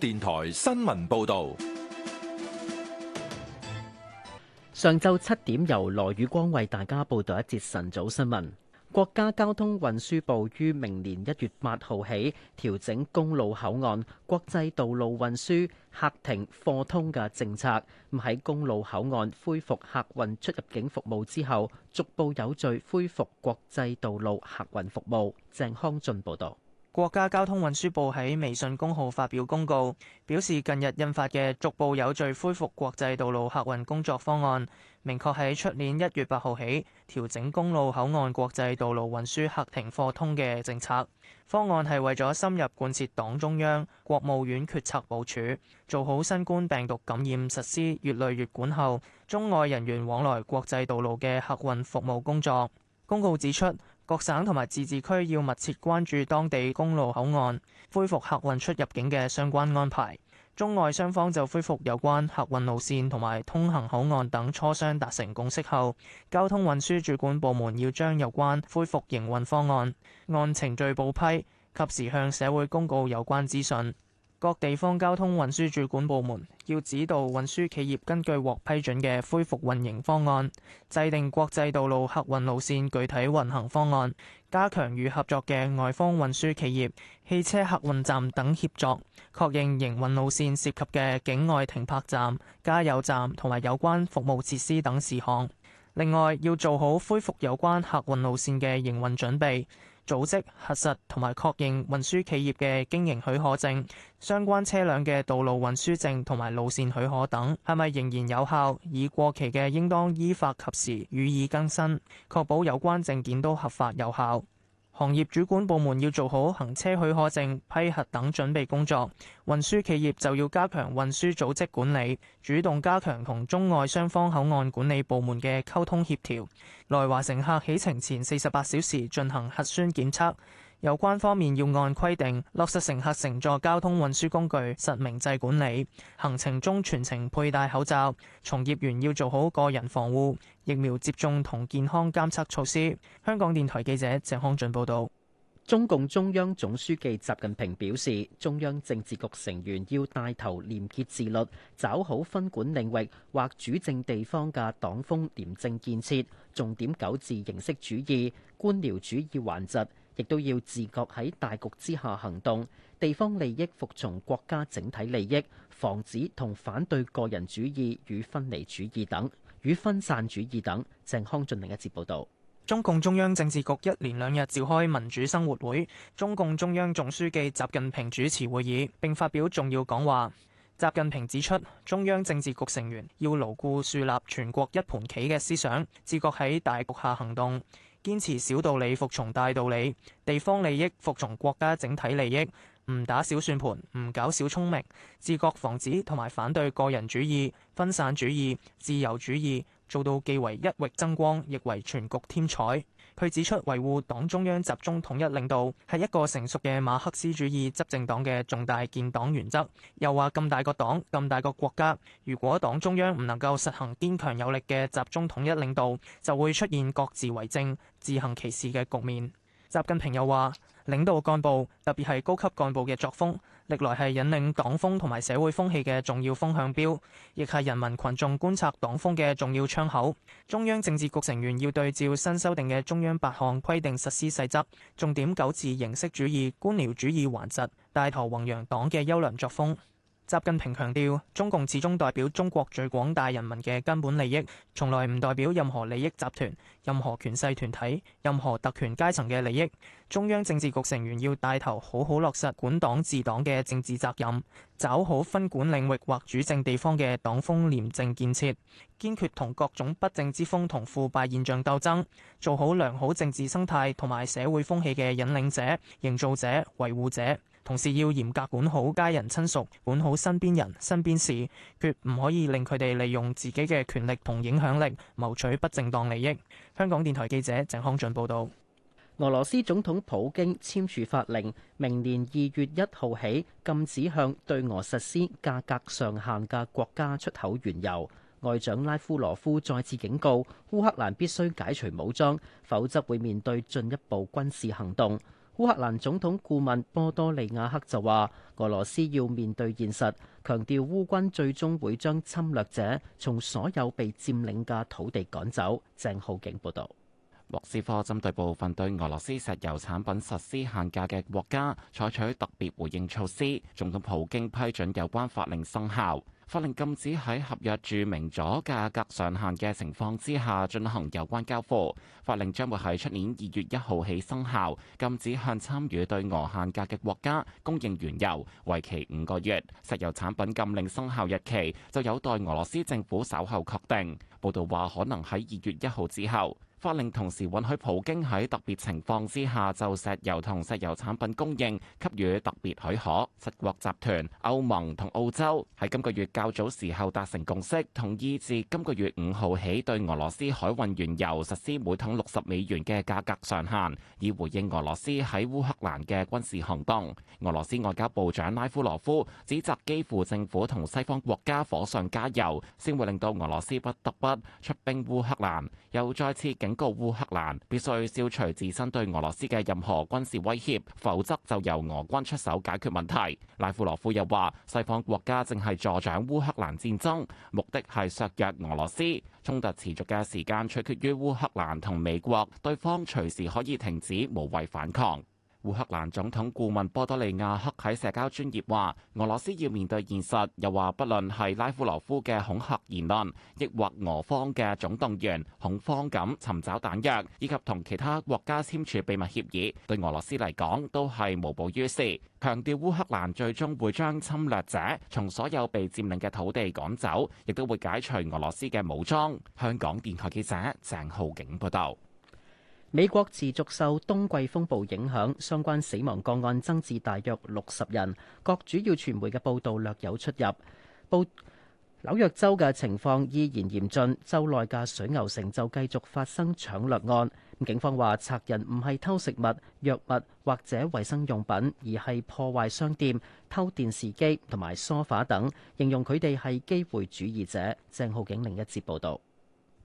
電台新聞報道：上晝七點，由羅宇光為大家報道一節晨早新聞。國家交通運輸部於明年一月八號起調整公路口岸國際道路運輸客停貨通嘅政策。喺公路口岸恢復客運出入境服務之後，逐步有序恢復國際道路客運服務。鄭康俊報道。國家交通運輸部喺微信公號發表公告，表示近日印發嘅逐步有序恢復國際道路客運工作方案，明確喺出年一月八號起調整公路口岸國際道路運輸客停貨通嘅政策。方案係為咗深入貫徹黨中央、國務院決策部署，做好新冠病毒感染實施乙類乙管後中外人員往來國際道路嘅客運服務工作。公告指出。各省同埋自治區要密切關注當地公路口岸恢復客運出入境嘅相關安排。中外雙方就恢復有關客運路線同埋通行口岸等磋商達成共識後，交通運輸主管部門要將有關恢復營運方案按程序報批，及時向社會公告有關資訊。各地方交通運輸主管部門要指導運輸企業根據獲批准嘅恢復運營方案，制定國際道路客運路綫具體運行方案，加強與合作嘅外方運輸企業、汽車客運站等協作，確認營運路綫涉及嘅境外停泊站、加油站同埋有關服務設施等事項。另外，要做好恢復有關客運路綫嘅營運準備。組織、核實同埋確認運輸企業嘅經營許可證、相關車輛嘅道路運輸證同埋路線許可等係咪仍然有效。已過期嘅，應當依法及時予以更新，確保有關證件都合法有效。行業主管部門要做好行車許可證批核等準備工作，運輸企業就要加強運輸組織管理，主動加強同中外雙方口岸管理部門嘅溝通協調。來華乘客起程前四十八小時進行核酸檢測。有關方面要按規定落實乘客乘坐交通運輸工具實名制管理，行程中全程佩戴口罩。從業員要做好個人防護、疫苗接種同健康監測措施。香港電台記者鄭康俊報道，中共中央總書記習近平表示，中央政治局成員要帶頭廉潔自律，抓好分管領域或主政地方嘅黨風廉政建設，重點糾治形式主義、官僚主義頑疾。亦都要自覺喺大局之下行動，地方利益服從國家整體利益，防止同反對個人主義與分離主義等與分散主義等。鄭康俊另一節報道，中共中央政治局一連兩日召開民主生活會，中共中央總書記習近平主持會議並發表重要講話。習近平指出，中央政治局成員要牢固樹立全國一盤棋嘅思想，自覺喺大局下行動。堅持小道理服從大道理，地方利益服從國家整體利益，唔打小算盤，唔搞小聰明，自覺防止同埋反對個人主義、分散主義、自由主義。做到既為一域爭光，亦為全局添彩。佢指出，維護黨中央集中統一領導係一個成熟嘅馬克思主義執政黨嘅重大建黨原則。又話咁大個黨，咁大個國家，如果黨中央唔能夠實行堅強有力嘅集中統一領導，就會出現各自為政、自行其事嘅局面。習近平又話，領導幹部特別係高級幹部嘅作風歷來係引領黨風同埋社會風氣嘅重要風向標，亦係人民群眾觀察黨風嘅重要窗口。中央政治局成員要對照新修訂嘅中央八項規定實施細則，重點糾治形式主義官僚主義頑疾、帶頭弘揚黨嘅優良作風。習近平強調，中共始終代表中國最廣大人民嘅根本利益，從來唔代表任何利益集團、任何權勢團體、任何特權階層嘅利益。中央政治局成員要帶頭好好落實管黨治黨嘅政治責任，抓好分管領域或主政地方嘅黨風廉政建設，堅決同各種不正之風同腐敗現象鬥爭，做好良好政治生態同埋社會風氣嘅引領者、營造者、維護者。同時要嚴格管好家人親屬，管好身邊人、身邊事，決唔可以令佢哋利用自己嘅權力同影響力，謀取不正當利益。香港電台記者鄭康俊報導。俄羅斯總統普京簽署法令，明年二月一號起禁止向對俄實施價格上限嘅國家出口原油。外長拉夫羅夫再次警告，烏克蘭必須解除武裝，否則會面對進一步軍事行動。烏克蘭總統顧問波多利亞克就話：俄羅斯要面對現實，強調烏軍最終會將侵略者從所有被佔領嘅土地趕走。鄭浩景報道。莫斯科針對部分對俄羅斯石油產品實施限價嘅國家，採取特別回應措施。總統普京批准有關法令生效。法令禁止喺合約注明咗價格上限嘅情況之下進行有關交付。法令將會喺出年二月一號起生效，禁止向參與對俄限價嘅國家供應原油，為期五個月。石油產品禁令生效日期就有待俄羅斯政府稍後確定。報道話可能喺二月一號之後。法令同時允許普京喺特別情況之下就石油同石油產品供應給予特別許可。七國集團、歐盟同澳洲喺今個月較早時候達成共識，同意自今個月五號起對俄羅斯海運原油實施每桶六十美元嘅價格上限，以回應俄羅斯喺烏克蘭嘅軍事行動。俄羅斯外交部長拉夫羅夫指責基輔政府同西方國家火上加油，先會令到俄羅斯不得不出兵烏克蘭，又再次警告烏克蘭必須消除自身對俄羅斯嘅任何軍事威脅，否則就由俄軍出手解決問題。拉夫羅夫又話：西方國家正係助長烏克蘭戰爭，目的係削弱俄羅斯。衝突持續嘅時間取決於烏克蘭同美國，對方隨時可以停止無謂反抗。烏克蘭總統顧問波多利亞克喺社交專業話：俄羅斯要面對現實，又話不論係拉夫羅夫嘅恐吓言論，抑或俄方嘅總動員、恐慌咁，尋找彈藥，以及同其他國家簽署秘密協議，對俄羅斯嚟講都係無補於事。強調烏克蘭最終會將侵略者從所有被佔領嘅土地趕走，亦都會解除俄羅斯嘅武裝。香港電台記者鄭浩景報道。美國持續受冬季風暴影響，相關死亡個案增至大約六十人。各主要傳媒嘅報道略有出入。報紐約州嘅情況依然嚴峻，州內嘅水牛城就繼續發生搶掠案。警方話，賊人唔係偷食物、藥物或者衛生用品，而係破壞商店、偷電視機同埋梳化等，形容佢哋係機會主義者。鄭浩景另一節報導。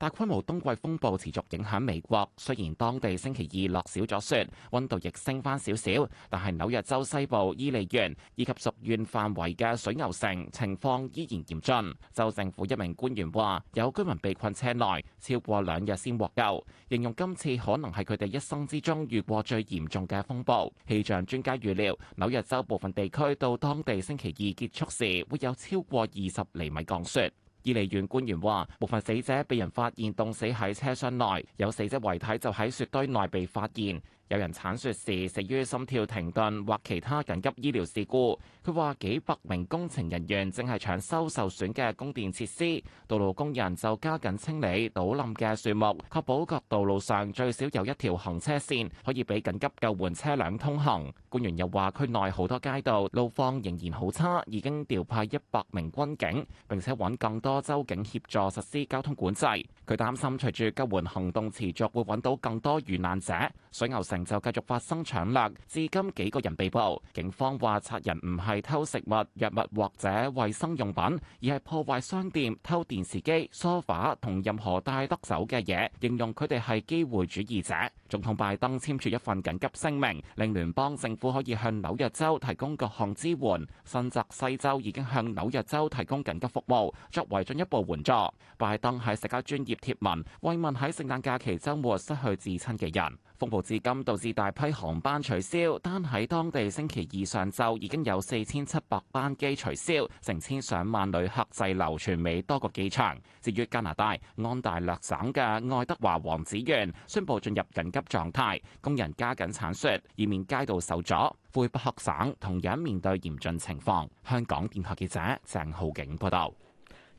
大規模冬季風暴持續影響美國，雖然當地星期二落少咗雪，温度亦升翻少少，但係紐約州西部、伊利縣以及十縣範圍嘅水牛城情況依然嚴峻。州政府一名官員話：有居民被困車內，超過兩日先獲救，形容今次可能係佢哋一生之中遇過最嚴重嘅風暴。氣象專家預料，紐約州部分地區到當地星期二結束時，會有超過二十厘米降雪。伊犁縣官員話：部分死者被人發現凍死喺車廂內，有死者遺體就喺雪堆內被發現。有人鏟雪時死於心跳停頓或其他緊急醫療事故。佢話幾百名工程人員正係搶修受損嘅供電設施，道路工人就加緊清理倒冧嘅樹木，確保各道路上最少有一條行車線可以俾緊急救援車輛通行。官員又話區內好多街道路況仍然好差，已經調派一百名軍警，並且揾更多州警協助實施交通管制。佢擔心隨住救援行動持續，會揾到更多遇難者。水牛城就繼續發生搶掠，至今幾個人被捕。警方話，賊人唔係偷食物、藥物或者衛生用品，而係破壞商店、偷電視機、梳化同任何帶得走嘅嘢，形容佢哋係機會主義者。總統拜登簽署一份緊急聲明，令聯邦政府可以向紐約州提供各項支援。新澤西州已經向紐約州提供緊急服務，作為進一步援助。拜登喺社交專業貼文慰問喺聖誕假期週末失去至親嘅人。風暴至今導致大批航班取消，單喺當地星期二上晝已經有四千七百班機取消，成千上萬旅客滯留全美多個機場。至於加拿大安大略省嘅愛德華王子縣，宣布進入緊急狀態，工人加緊鏟雪，以免街道受阻。魁北克省同樣面對嚴峻情況。香港電台記者鄭浩景報道。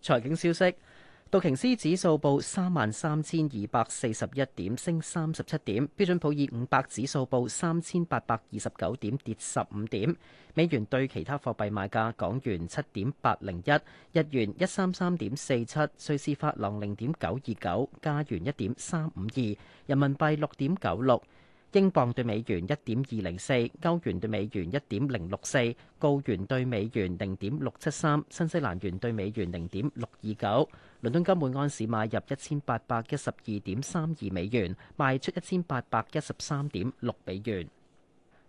財經消息。道瓊斯指數報三萬三千二百四十一點，升三十七點。標準普爾五百指數報三千八百二十九點，跌十五點。美元對其他貨幣賣價：港元七點八零一，日元一三三點四七，瑞士法郎零點九二九，加元一點三五二，人民幣六點九六。英鎊兌美元一點二零四，歐元兌美元一點零六四，澳元兌美元零點六七三，新西蘭元兌美元零點六二九。倫敦金每安士買入一千八百一十二點三二美元，賣出一千八百一十三點六美元。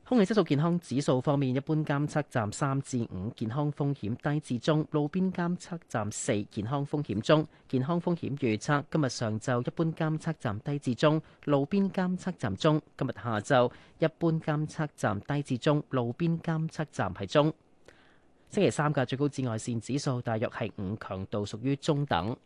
空氣質素健康指數方面，一般監測站三至五，健康風險低至中；路邊監測站四，健康風險中。健康風險預測今日上晝一般監測站低至中，路邊監測站中；今日下晝一般監測站低至中，路邊監測站係中。星期三嘅最高紫外線指數大約係五，強度屬於中等。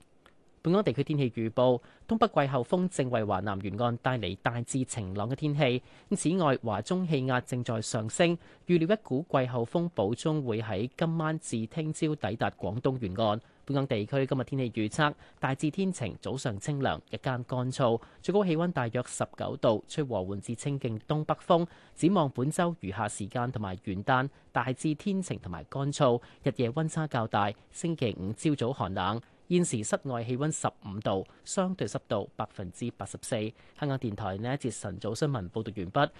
本港地區天氣預報，東北季候風正為華南沿岸帶嚟大致晴朗嘅天氣，此外，華中氣壓正在上升，預料一股季候風補充會喺今晚至聽朝抵達廣東沿岸。本港地區今日天氣預測，大致天晴，早上清涼，日間乾燥，最高氣溫大約十九度，吹和緩至清勁東北風，展望本周餘下時間同埋元旦，大致天晴同埋乾燥，日夜溫差較大，星期五朝早寒冷。現時室外氣溫十五度，相對濕度百分之八十四。香港電台呢一節晨早新聞報道完畢。